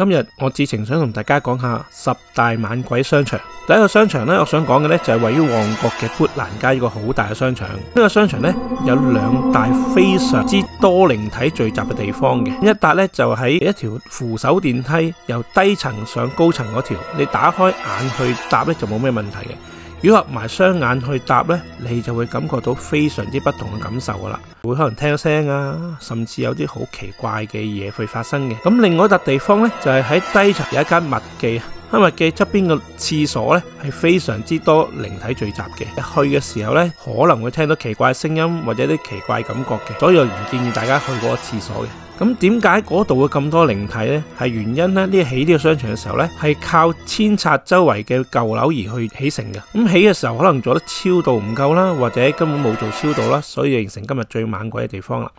今日我至情想同大家講下十大猛鬼商場。第一個商場呢，我想講嘅呢就係位於旺角嘅砵蘭街一個好大嘅商場。呢、呢個商場呢，有兩大非常之多靈體聚集嘅地方嘅。一笪呢，就喺一條扶手電梯由低層上高層嗰條，你打開眼去搭呢，就冇咩問題嘅。如果合埋雙眼去搭呢，你就會感覺到非常之不同嘅感受噶啦，會可能聽到聲啊，甚至有啲好奇怪嘅嘢會發生嘅。咁另外一笪地方呢，就係喺低層有一間麥記啊，麥記側邊嘅廁所呢，係非常之多靈體聚集嘅，去嘅時候呢，可能會聽到奇怪嘅聲音或者啲奇怪感覺嘅，所以我唔建議大家去嗰個廁所嘅。咁點解嗰度會咁多靈體呢？係原因呢，呢起呢個商場嘅時候呢，係靠遷拆周圍嘅舊樓而去起成嘅。咁起嘅時候可能做得超度唔夠啦，或者根本冇做超度啦，所以形成今日最猛鬼嘅地方啦。